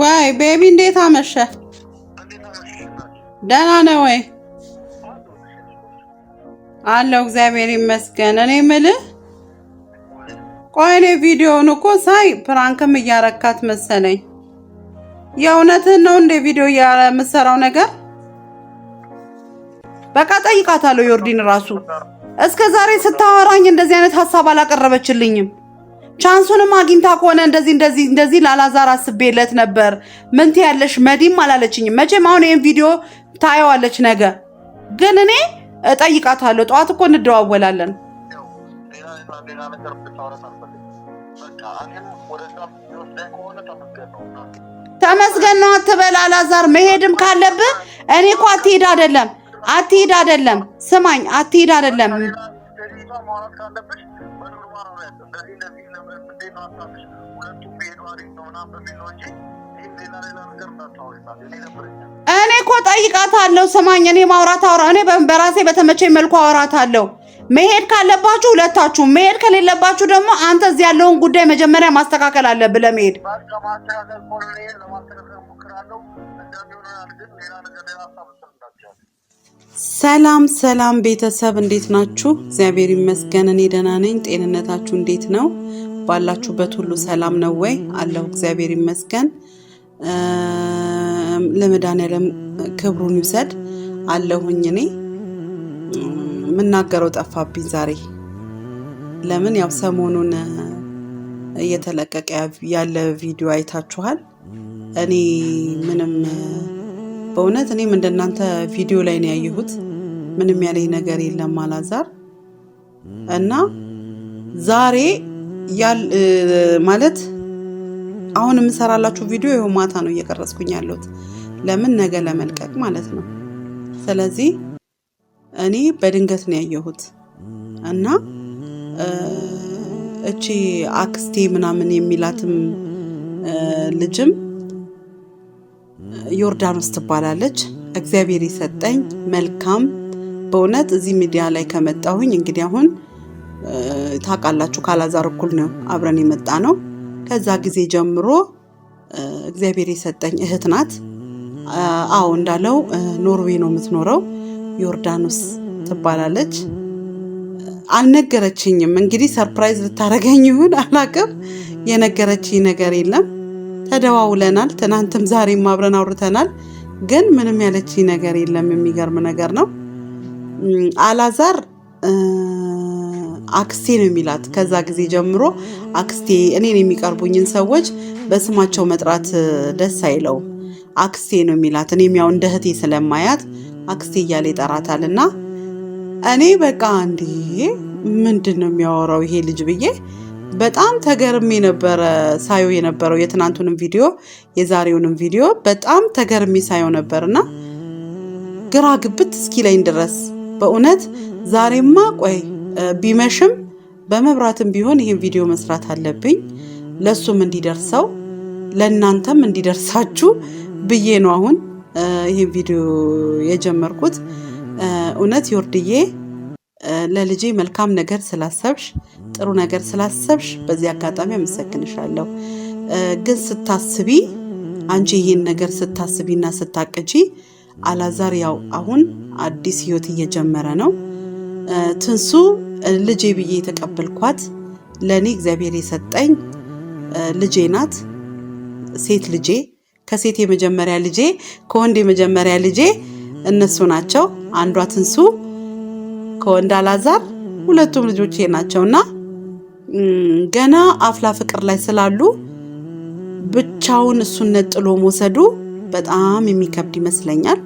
ወይ ቤቢ እንዴት አመሸ? ደህና ነህ ወይ? አለው እግዚአብሔር ይመስገን። እኔ የምልህ ቆይ እኔ ቪዲዮውን እኮ ሳይ ፕራንክም እያረካት መሰለኝ። የእውነትህን ነው እንደ ቪዲዮ የምትሰራው ነገር? በቃ ጠይቃታለሁ። ዮርዲን ራሱ እስከ ዛሬ ስታወራኝ እንደዚህ አይነት ሀሳብ አላቀረበችልኝም። ቻንሱንም አግኝታ ከሆነ እንደዚህ እንደዚህ እንደዚህ ላላዛር አስቤለት ነበር። ምን ትያለሽ? መዲም አላለችኝም። መቼም አሁን ይህን ቪዲዮ ታየዋለች። ነገ ግን እኔ እጠይቃታለሁ። ጠዋት እኮ እንደዋወላለን። ተመስገን ነው አትበል አላዛር። መሄድም ካለብህ እኔ እኮ አትሄድ አይደለም አትሄድ አይደለም ስማኝ፣ አትሄድ አይደለም እኔ እኮ ጠይቃታለሁ። ስማኝ፣ እኔ ማውራት አውራ እኔ በራሴ በተመቸኝ መልኩ አውራታለሁ። መሄድ ካለባችሁ ሁለታችሁ፣ መሄድ ከሌለባችሁ ደግሞ አንተ እዚህ ያለውን ጉዳይ መጀመሪያ ማስተካከል አለብህ ለመሄድ ሰላም ሰላም ቤተሰብ እንዴት ናችሁ? እግዚአብሔር ይመስገን እኔ ደህና ነኝ። ጤንነታችሁ እንዴት ነው? ባላችሁበት ሁሉ ሰላም ነው ወይ? አለሁ እግዚአብሔር ይመስገን። ለመድኃኒዓለም ክብሩን ይውሰድ። አለሁኝ እኔ የምናገረው ጠፋብኝ ዛሬ። ለምን ያው ሰሞኑን እየተለቀቀ ያለ ቪዲዮ አይታችኋል። እኔ ምንም በእውነት እኔም እንደናንተ ቪዲዮ ላይ ነው ያየሁት። ምንም ያለኝ ነገር የለም አላዛር እና ዛሬ ማለት አሁን የምሰራላችሁ ቪዲዮ ይኸው ማታ ነው እየቀረጽኩኝ ያለሁት፣ ለምን ነገ ለመልቀቅ ማለት ነው። ስለዚህ እኔ በድንገት ነው ያየሁት እና እቺ አክስቴ ምናምን የሚላትም ልጅም ዮርዳኖስ ትባላለች። እግዚአብሔር የሰጠኝ መልካም በእውነት እዚህ ሚዲያ ላይ ከመጣሁኝ እንግዲህ አሁን ታውቃላችሁ ካላዛር እኩል ነው አብረን የመጣ ነው። ከዛ ጊዜ ጀምሮ እግዚአብሔር የሰጠኝ እህት ናት። አዎ እንዳለው ኖርዌይ ነው የምትኖረው። ዮርዳኖስ ትባላለች። አልነገረችኝም። እንግዲህ ሰርፕራይዝ ልታደርገኝ ይሁን አላቅም። የነገረችኝ ነገር የለም። ተደዋውለናል። ትናንትም ዛሬም አብረን አውርተናል። ግን ምንም ያለች ነገር የለም። የሚገርም ነገር ነው። አላዛር አክስቴ ነው የሚላት። ከዛ ጊዜ ጀምሮ አክስቴ እኔን የሚቀርቡኝን ሰዎች በስማቸው መጥራት ደስ አይለው፣ አክስቴ ነው የሚላት። እኔም ያው እንደ እህቴ ስለማያት አክስቴ እያለ ይጠራታል። እና እኔ በቃ እንዲህ ምንድን ነው የሚያወራው ይሄ ልጅ ብዬ በጣም ተገርሜ ነበረ ሳየው የነበረው የትናንቱንም ቪዲዮ የዛሬውንም ቪዲዮ በጣም ተገርሜ ሳየው ነበርና ግራ ግብት እስኪ ላይ ድረስ በእውነት ዛሬማ ቆይ ቢመሽም በመብራትም ቢሆን ይህን ቪዲዮ መስራት አለብኝ ለእሱም እንዲደርሰው ለእናንተም እንዲደርሳችሁ ብዬ ነው አሁን ይህን ቪዲዮ የጀመርኩት። እውነት ዮርድዬ ለልጄ መልካም ነገር ስላሰብሽ፣ ጥሩ ነገር ስላሰብሽ በዚህ አጋጣሚ አመሰግንሻለሁ። ግን ስታስቢ አንቺ ይህን ነገር ስታስቢና ስታቅጂ አላዛር ያው አሁን አዲስ ህይወት እየጀመረ ነው። ትንሱ ልጄ ብዬ የተቀበልኳት ለእኔ እግዚአብሔር የሰጠኝ ልጄ ናት። ሴት ልጄ ከሴት የመጀመሪያ ልጄ ከወንድ የመጀመሪያ ልጄ እነሱ ናቸው። አንዷ ትንሱ ከወንድ አላዛር ሁለቱም ልጆቼ ናቸውና ገና አፍላ ፍቅር ላይ ስላሉ ብቻውን እሱን ነጥሎ መውሰዱ በጣም የሚከብድ ይመስለኛል።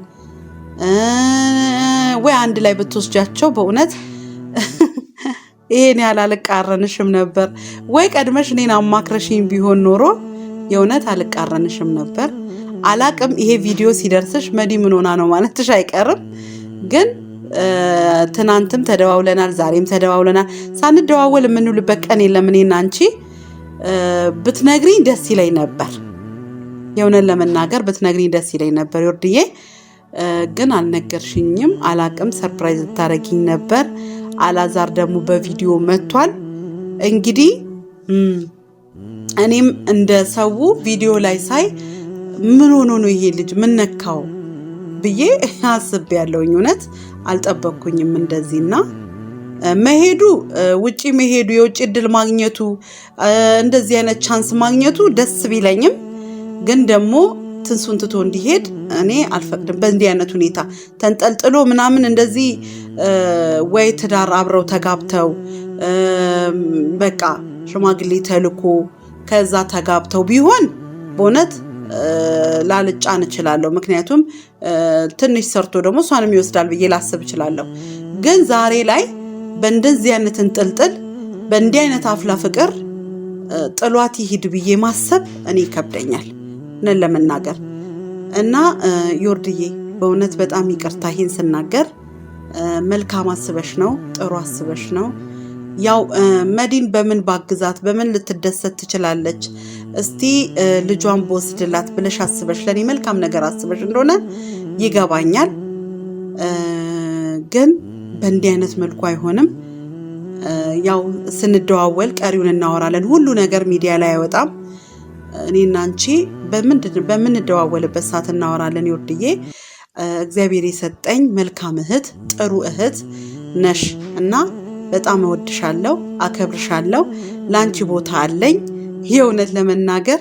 ወይ አንድ ላይ ብትወስጃቸው በእውነት ይሄን ያህል አልቃረንሽም ነበር። ወይ ቀድመሽ እኔን አማክረሽኝ ቢሆን ኖሮ የእውነት አልቃረንሽም ነበር። አላቅም። ይሄ ቪዲዮ ሲደርስሽ መዲ ምን ሆና ነው ማለትሽ አይቀርም ግን ትናንትም ተደዋውለናል፣ ዛሬም ተደዋውለናል። ሳንደዋወል የምንውልበት ቀን የለም። እኔና አንቺ ብትነግሪኝ ደስ ይለኝ ነበር። የእውነት ለመናገር ብትነግሪኝ ደስ ይለኝ ነበር ዮርድዬ ግን አልነገርሽኝም። አላቅም። ሰርፕራይዝ ልታረጊኝ ነበር። አላዛር ደግሞ በቪዲዮ መጥቷል። እንግዲህ እኔም እንደ ሰው ቪዲዮ ላይ ሳይ ምን ሆኖ ነው ይሄ ልጅ ምን ነካው ብዬ አስብ ያለውኝ እውነት አልጠበቅኩኝም እንደዚህና መሄዱ ውጪ መሄዱ የውጭ እድል ማግኘቱ እንደዚህ አይነት ቻንስ ማግኘቱ ደስ ቢለኝም ግን ደግሞ ትንሱን ትቶ እንዲሄድ እኔ አልፈቅድም። በእንዲህ አይነት ሁኔታ ተንጠልጥሎ ምናምን እንደዚህ ወይ ትዳር አብረው ተጋብተው በቃ ሽማግሌ ተልኮ ከዛ ተጋብተው ቢሆን በእውነት ላልጫን እችላለሁ። ምክንያቱም ትንሽ ሰርቶ ደግሞ እሷንም ይወስዳል ብዬ ላስብ እችላለሁ። ግን ዛሬ ላይ በእንደዚህ አይነት እንጥልጥል በእንዲህ አይነት አፍላ ፍቅር ጥሏት ይሂድ ብዬ ማሰብ እኔ ይከብደኛል ነን ለመናገር እና ዮርድዬ በእውነት በጣም ይቅርታ ይህን ስናገር መልካም አስበሽ ነው፣ ጥሩ አስበሽ ነው። ያው መዲን በምን ባግዛት በምን ልትደሰት ትችላለች? እስቲ ልጇን በወስድላት ብለሽ አስበሽ ለእኔ መልካም ነገር አስበሽ እንደሆነ ይገባኛል። ግን በእንዲህ አይነት መልኩ አይሆንም። ያው ስንደዋወል ቀሪውን እናወራለን። ሁሉ ነገር ሚዲያ ላይ አይወጣም። እኔና አንቺ በምንደዋወልበት ሰዓት እናወራለን። ይወድዬ እግዚአብሔር የሰጠኝ መልካም እህት፣ ጥሩ እህት ነሽ እና በጣም እወድሻለሁ፣ አከብርሻለሁ፣ ለአንቺ ቦታ አለኝ። የእውነት ለመናገር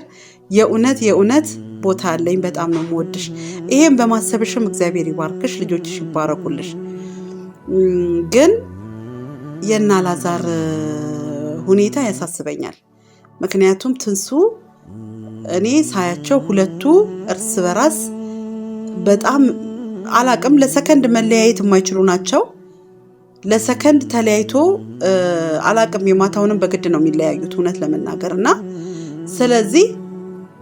የእውነት የእውነት ቦታ አለኝ። በጣም ነው የምወድሽ። ይሄን በማሰብሽም እግዚአብሔር ይባርክሽ፣ ልጆችሽ ይባረኩልሽ። ግን የእነ አላዛር ሁኔታ ያሳስበኛል። ምክንያቱም ትንሱ እኔ ሳያቸው ሁለቱ እርስ በራስ በጣም አላቅም፣ ለሰከንድ መለያየት የማይችሉ ናቸው። ለሰከንድ ተለያይቶ አላቅም። የማታውንም በግድ ነው የሚለያዩት እውነት ለመናገር እና ስለዚህ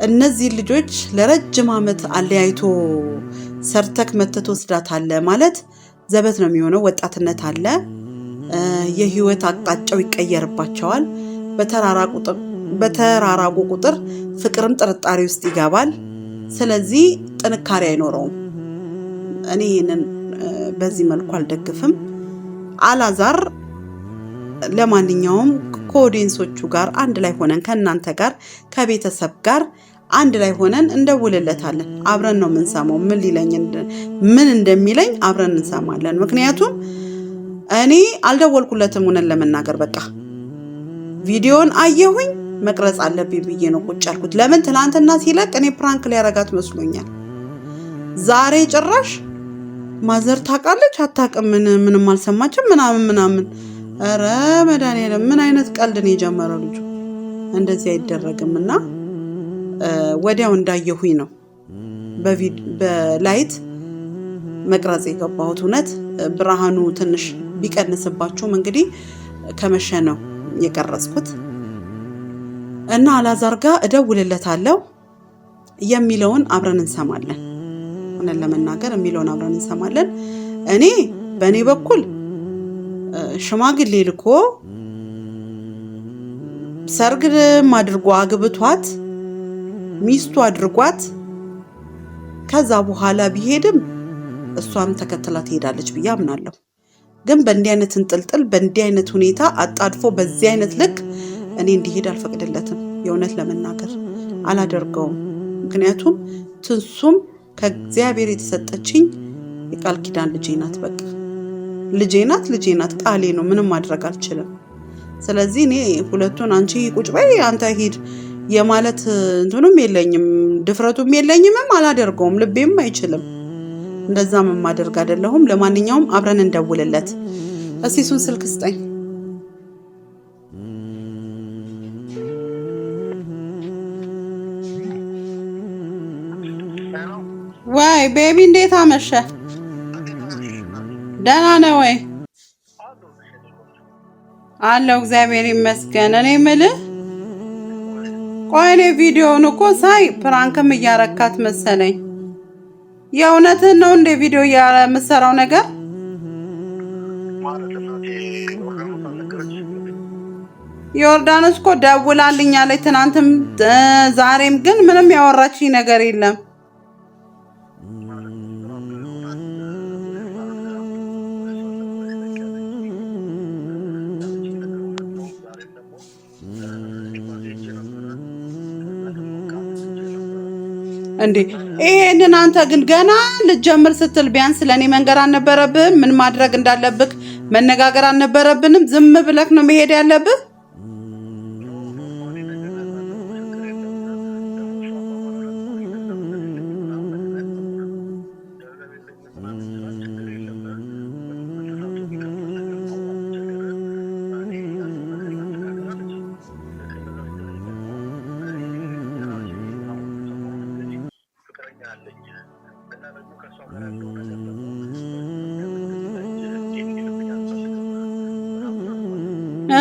እነዚህ ልጆች ለረጅም ዓመት አለያይቶ ሰርተክ መተት ስዳት አለ ማለት ዘበት ነው የሚሆነው። ወጣትነት አለ፣ የህይወት አቅጣጫው ይቀየርባቸዋል። በተራራቁ ቁጥር ፍቅርም ጥርጣሬ ውስጥ ይገባል። ስለዚህ ጥንካሬ አይኖረውም። እኔ ይህንን በዚህ መልኩ አልደግፍም። አላዛር ለማንኛውም ከኦዲየንሶቹ ጋር አንድ ላይ ሆነን ከእናንተ ጋር ከቤተሰብ ጋር አንድ ላይ ሆነን እንደውልለታለን። አብረን ነው የምንሰማው። ምን ሊለኝ ምን እንደሚለኝ አብረን እንሰማለን። ምክንያቱም እኔ አልደወልኩለትም። ሆነን ለመናገር በቃ ቪዲዮን አየሁኝ መቅረጽ አለብኝ ብዬ ነው ቁጭ ያልኩት። ለምን ትናንትና ሲለቅ እኔ ፕራንክ ሊያረጋት መስሎኛል። ዛሬ ጭራሽ ማዘር ታውቃለች አታውቅም? ምንም አልሰማችም ምናምን ምናምን። ኧረ መድኃኒዓለም ምን አይነት ቀልድን የጀመረ ልጁ። እንደዚህ አይደረግም። እና ወዲያው እንዳየሁኝ ነው በላይት መቅረጽ የገባሁት። እውነት ብርሃኑ ትንሽ ቢቀንስባችሁም እንግዲህ ከመሸ ነው የቀረጽኩት። እና አላዛር ጋር እደውልለታለሁ የሚለውን አብረን እንሰማለን። እውነት ለመናገር የሚለውን አብረን እንሰማለን። እኔ በእኔ በኩል ሽማግሌ ልኮ ሰርግም አድርጎ አግብቷት ሚስቱ አድርጓት ከዛ በኋላ ቢሄድም እሷም ተከትላ ትሄዳለች ብዬ አምናለሁ። ግን በእንዲህ አይነት እንጥልጥል በእንዲህ አይነት ሁኔታ አጣድፎ በዚህ አይነት ልክ እኔ እንዲሄድ አልፈቅድለትም። የእውነት ለመናገር አላደርገውም። ምክንያቱም ትንሱም ከእግዚአብሔር የተሰጠችኝ የቃል ኪዳን ልጄ ናት። በቃ ልጄ ናት፣ ልጄ ናት፣ ቃሌ ነው። ምንም ማድረግ አልችልም። ስለዚህ እኔ ሁለቱን አንቺ ቁጭ በይ አንተ ሂድ የማለት እንትኑም የለኝም፣ ድፍረቱም የለኝምም፣ አላደርገውም፣ ልቤም አይችልም። እንደዛም የማደርግ አይደለሁም። ለማንኛውም አብረን እንደውልለት እስቲ እሱን ስልክ ስጠኝ። ቤቢ እንዴት አመሸ? ደህና ነህ ወይ? አለው እግዚአብሔር ይመስገን። እኔ ምልህ ቆይ እኔ ቪዲዮውን እኮ ሳይ ፕራንክም እያረካት መሰለኝ። የእውነትህን ነው እንደ ቪዲዮ የምትሰራው ነገር? ዮርዳኖስ እኮ ደውላልኛለች ትናንትም ዛሬም፣ ግን ምንም ያወራችኝ ነገር የለም እንዴ ይሄንን አንተ ግን ገና ልጀምር ስትል ቢያንስ ለእኔ መንገር አልነበረብህም? ምን ማድረግ እንዳለብህ መነጋገር አልነበረብንም? ዝም ብለህ ነው መሄድ ያለብህ?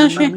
আসে Mm-hmm.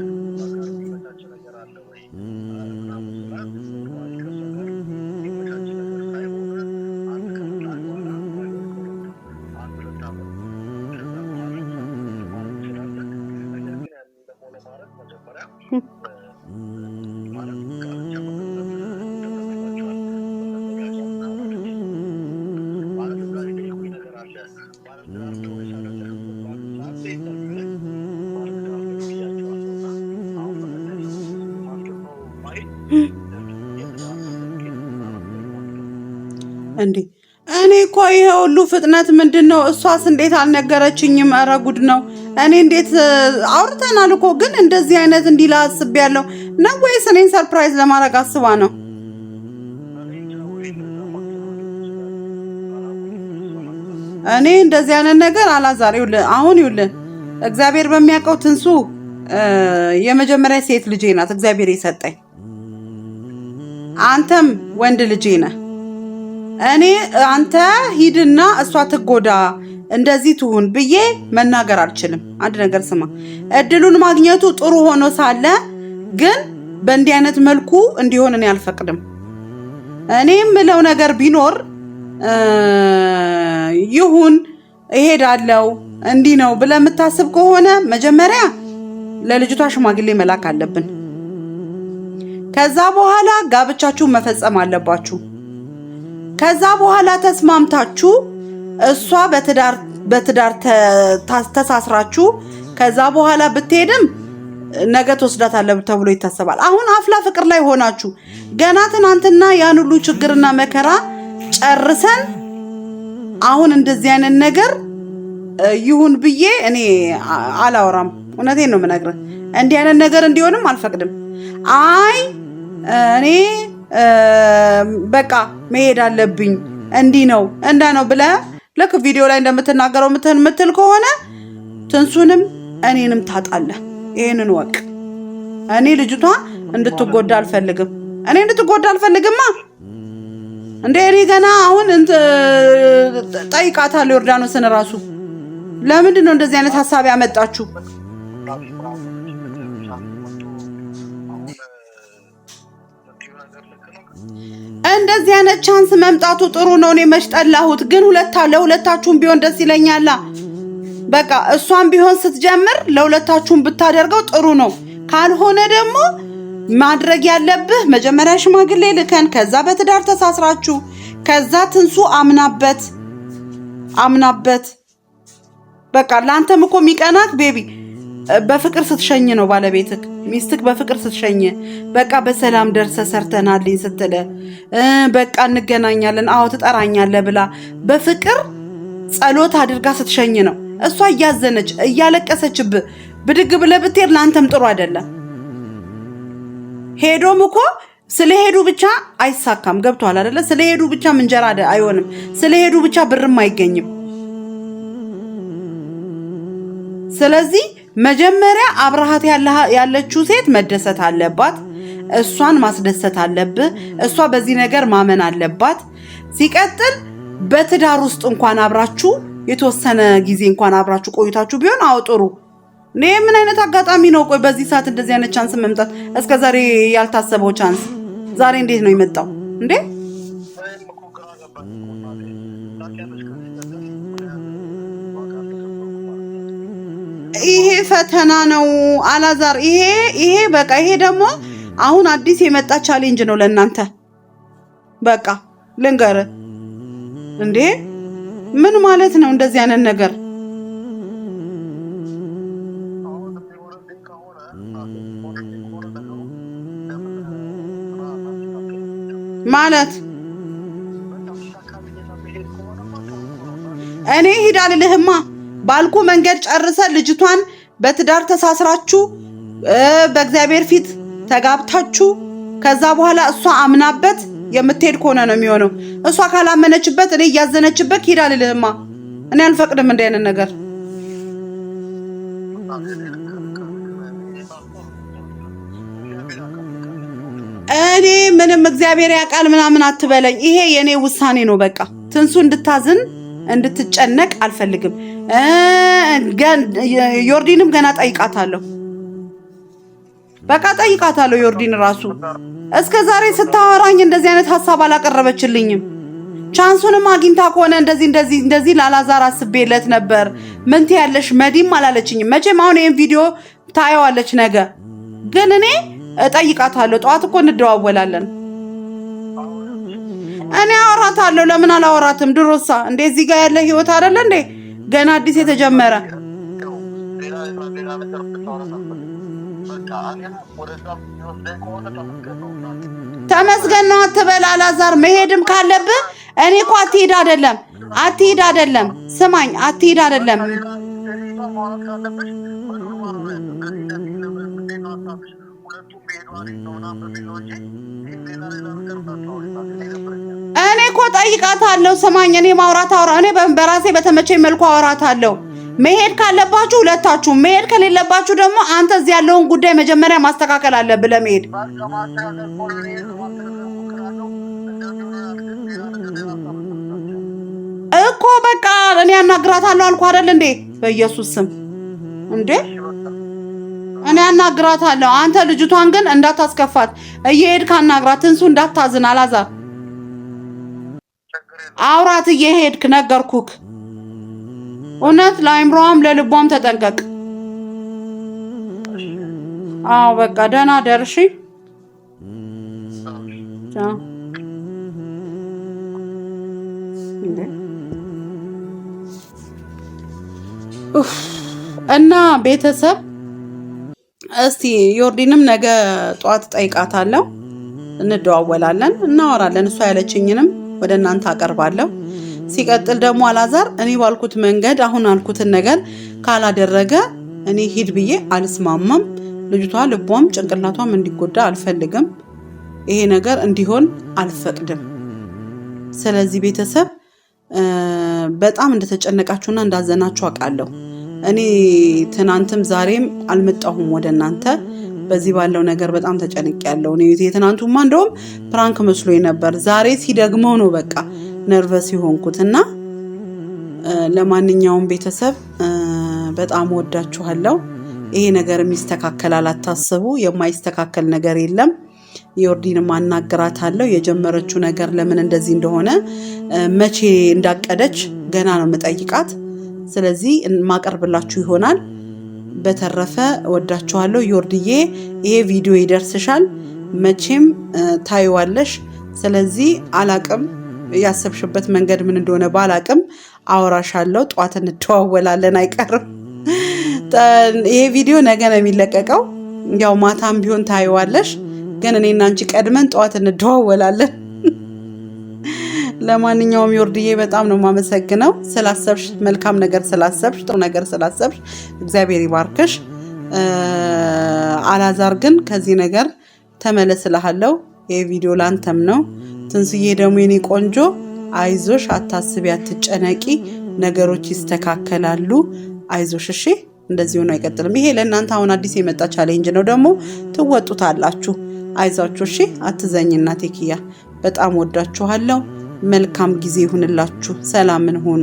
ሁሉ ፍጥነት ምንድን ነው? እሷስ እንዴት አልነገረችኝም? እረ ጉድ ነው። እኔ እንዴት አውርተናል እኮ ግን እንደዚህ አይነት እንዲላ አስቤያለሁ ነው ወይስ እኔን ሰርፕራይዝ ለማድረግ አስባ ነው? እኔ እንደዚህ አይነት ነገር አላዛር፣ ይውልን አሁን ይውልን እግዚአብሔር በሚያውቀው ትንሱ የመጀመሪያ ሴት ልጄ ናት እግዚአብሔር የሰጠኝ። አንተም ወንድ ልጄ ነህ። እኔ አንተ ሂድና እሷ ትጎዳ እንደዚህ ትሁን ብዬ መናገር አልችልም። አንድ ነገር ስማ፣ እድሉን ማግኘቱ ጥሩ ሆኖ ሳለ ግን በእንዲህ አይነት መልኩ እንዲሆን እኔ አልፈቅድም። እኔ የምለው ነገር ቢኖር ይሁን እሄዳለሁ እንዲህ ነው ብለህ የምታስብ ከሆነ መጀመሪያ ለልጅቷ ሽማግሌ መላክ አለብን። ከዛ በኋላ ጋብቻችሁ መፈጸም አለባችሁ። ከዛ በኋላ ተስማምታችሁ እሷ በትዳር ተሳስራችሁ ከዛ በኋላ ብትሄድም ነገ ትወስዳታለህ ተብሎ ይታሰባል። አሁን አፍላ ፍቅር ላይ ሆናችሁ ገና ትናንትና ያን ሁሉ ችግርና መከራ ጨርሰን አሁን እንደዚህ አይነት ነገር ይሁን ብዬ እኔ አላወራም። እውነቴን ነው የምነግርህ። እንዲህ አይነት ነገር እንዲሆንም አልፈቅድም። አይ እኔ በቃ መሄድ አለብኝ እንዲህ ነው እንዳ ነው ብለ ልክ ቪዲዮ ላይ እንደምትናገረው ምትል ከሆነ ትንሱንም እኔንም ታጣለህ። ይህንን ወቅ እኔ ልጅቷ እንድትጎዳ አልፈልግም። እኔ እንድትጎዳ አልፈልግማ እንደ እኔ ገና አሁን ጠይቃታለሁ ዮርዳኖስን ራሱ ለምንድን ነው እንደዚህ አይነት ሀሳብ ያመጣችሁ? እንደዚህ አይነት ቻንስ መምጣቱ ጥሩ ነው። እኔ መች ጠላሁት? ግን ሁለታ ለሁለታችሁም ቢሆን ደስ ይለኛላ። በቃ እሷም ቢሆን ስትጀምር ለሁለታችሁም ብታደርገው ጥሩ ነው። ካልሆነ ደግሞ ማድረግ ያለብህ መጀመሪያ ሽማግሌ ልከን ከዛ በትዳር ተሳስራችሁ ከዛ ትንሱ አምናበት አምናበት በቃ ለአንተም እኮ የሚቀናት ቤቢ በፍቅር ስትሸኝ ነው ባለቤትክ ሚስትክ በፍቅር ስትሸኝ በቃ በሰላም ደርሰ ሰርተናልኝ ስትለ በቃ እንገናኛለን አዎ ትጠራኛለህ ብላ በፍቅር ጸሎት አድርጋ ስትሸኝ ነው። እሷ እያዘነች እያለቀሰችብ ብድግ ብለ ብትሄድ ለአንተም ጥሩ አይደለም። ሄዶም እኮ ስለሄዱ ብቻ አይሳካም። ገብቶሃል አደለ ስለሄዱ ብቻ ምንጀራ አይሆንም። ስለሄዱ ብቻ ብርም አይገኝም። ስለዚህ መጀመሪያ አብረሃት ያለችው ሴት መደሰት አለባት። እሷን ማስደሰት አለብህ። እሷ በዚህ ነገር ማመን አለባት። ሲቀጥል በትዳር ውስጥ እንኳን አብራችሁ የተወሰነ ጊዜ እንኳን አብራችሁ ቆይታችሁ ቢሆን አውጥሩ። እኔ ምን አይነት አጋጣሚ ነው? ቆይ በዚህ ሰዓት እንደዚህ አይነት ቻንስ መምጣት እስከ ዛሬ ያልታሰበው ቻንስ ዛሬ እንዴት ነው የመጣው እንዴ? ይሄ ፈተና ነው አላዛር። ይሄ ይሄ በቃ ይሄ ደግሞ አሁን አዲስ የመጣ ቻሌንጅ ነው ለእናንተ። በቃ ልንገር እንዴ ምን ማለት ነው እንደዚህ አይነት ነገር? ማለት እኔ ሂድ አልልህማ ባልኩ መንገድ ጨርሰ ልጅቷን በትዳር ተሳስራችሁ በእግዚአብሔር ፊት ተጋብታችሁ ከዛ በኋላ እሷ አምናበት የምትሄድ ከሆነ ነው የሚሆነው። እሷ ካላመነችበት እኔ እያዘነችበት ሂድ አልልህማ። እኔ አልፈቅድም እንዲህ አይነት ነገር። እኔ ምንም እግዚአብሔር ያውቃል ምናምን አትበለኝ። ይሄ የእኔ ውሳኔ ነው። በቃ ትንሱ እንድታዝን እንድትጨነቅ አልፈልግም። ዮርዲንም ገና ጠይቃታለሁ። በቃ ጠይቃታለሁ። ዮርዲን ራሱ እስከ ዛሬ ስታወራኝ እንደዚህ አይነት ሀሳብ አላቀረበችልኝም። ቻንሱንም አግኝታ ከሆነ እንደዚህ እንደዚህ እንደዚህ ላላዛር አስቤለት ነበር ምን ትያለሽ? መዲም አላለችኝም። መቼም አሁን ይህን ቪዲዮ ታየዋለች ነገ። ግን እኔ እጠይቃታለሁ። ጠዋት እኮ እንደዋወላለን። እኔ አወራታለሁ። ለምን አላወራትም? ድሮሳ እንዴ ጋር ያለ ህይወት አይደለ እንዴ ገና አዲስ የተጀመረ ተመስገን ነው አትበል። አላዛር መሄድም ካለብህ እኔ እኮ አትሄድ አይደለም አትሄድ አይደለም ስማኝ፣ አትሄድ አይደለም እኔ እኮ ጠይቃታለሁ። ስማኝ፣ እኔ ማውራት አውራ እኔ በራሴ በተመቸኝ መልኩ አውራታለሁ። መሄድ ካለባችሁ ሁለታችሁ፣ መሄድ ከሌለባችሁ ደግሞ አንተ እዚህ ያለውን ጉዳይ መጀመሪያ ማስተካከል አለብህ ለመሄድ እኮ። በቃ እኔ ያናግራታለሁ አልኩ አይደል እንዴ? በኢየሱስ ስም እንዴ እኔ አናግራታለሁ። አንተ ልጅቷን ግን እንዳታስከፋት እየሄድክ አናግራት። እንሱ እንዳታዝን አላዛር አውራት እየሄድክ ነገርኩክ። እውነት ለአይምሮዋም ለልቧም ተጠንቀቅ። አዎ በቃ ደህና ደርሺ። እና ቤተሰብ እስቲ ዮርዲንም ነገ ጠዋት ጠይቃታለሁ፣ እንደዋወላለን፣ እናወራለን። እሷ ያለችኝንም ወደ እናንተ አቀርባለሁ። ሲቀጥል ደግሞ አላዛር እኔ ባልኩት መንገድ አሁን አልኩትን ነገር ካላደረገ እኔ ሂድ ብዬ አልስማማም። ልጅቷ ልቧም ጭንቅላቷም እንዲጎዳ አልፈልግም። ይሄ ነገር እንዲሆን አልፈቅድም። ስለዚህ ቤተሰብ በጣም እንደተጨነቃችሁና እንዳዘናችሁ አውቃለሁ። እኔ ትናንትም ዛሬም አልመጣሁም ወደ እናንተ በዚህ ባለው ነገር በጣም ተጨንቅ ያለው እኔ የትናንቱማ እንደውም ፕራንክ መስሎ ነበር። ዛሬ ሲደግመው ነው በቃ ነርቨስ የሆንኩት እና ለማንኛውም ቤተሰብ በጣም ወዳችኋለው። ይሄ ነገር የሚስተካከል አላታስቡ፣ የማይስተካከል ነገር የለም። ማናገራት አለው የጀመረችው ነገር ለምን እንደዚህ እንደሆነ መቼ እንዳቀደች ገና ነው የምጠይቃት። ስለዚህ ማቀርብላችሁ ይሆናል። በተረፈ ወዳችኋለሁ። ዮርድዬ ይሄ ቪዲዮ ይደርስሻል፣ መቼም ታይዋለሽ። ስለዚህ አላቅም ያሰብሽበት መንገድ ምን እንደሆነ ባላቅም አወራሻለሁ። ጠዋት እንደዋወላለን አይቀርም። ይሄ ቪዲዮ ነገ ነው የሚለቀቀው። ያው ማታም ቢሆን ታይዋለሽ፣ ግን እኔና አንቺ ቀድመን ጠዋት እንደዋወላለን። ለማንኛውም የወርድዬ በጣም ነው የማመሰግነው ስላሰብሽ፣ መልካም ነገር ስላሰብሽ፣ ጥሩ ነገር ስላሰብሽ እግዚአብሔር ይባርክሽ። አላዛር ግን ከዚህ ነገር ተመለስልሃለው። ይህ ቪዲዮ ላንተም ነው። ትንስዬ ደግሞ የኔ ቆንጆ አይዞሽ፣ አታስቢ፣ አትጨነቂ፣ ነገሮች ይስተካከላሉ። አይዞሽ እሺ። እንደዚህ ሆኖ አይቀጥልም። ይሄ ለእናንተ አሁን አዲስ የመጣ ቻሌንጅ ነው፣ ደግሞ ትወጡታላችሁ። አይዟችሁ እሺ። አትዘኝ እናቴ በጣም ወዳችኋለሁ። መልካም ጊዜ ይሁንላችሁ። ሰላምን ሆኑ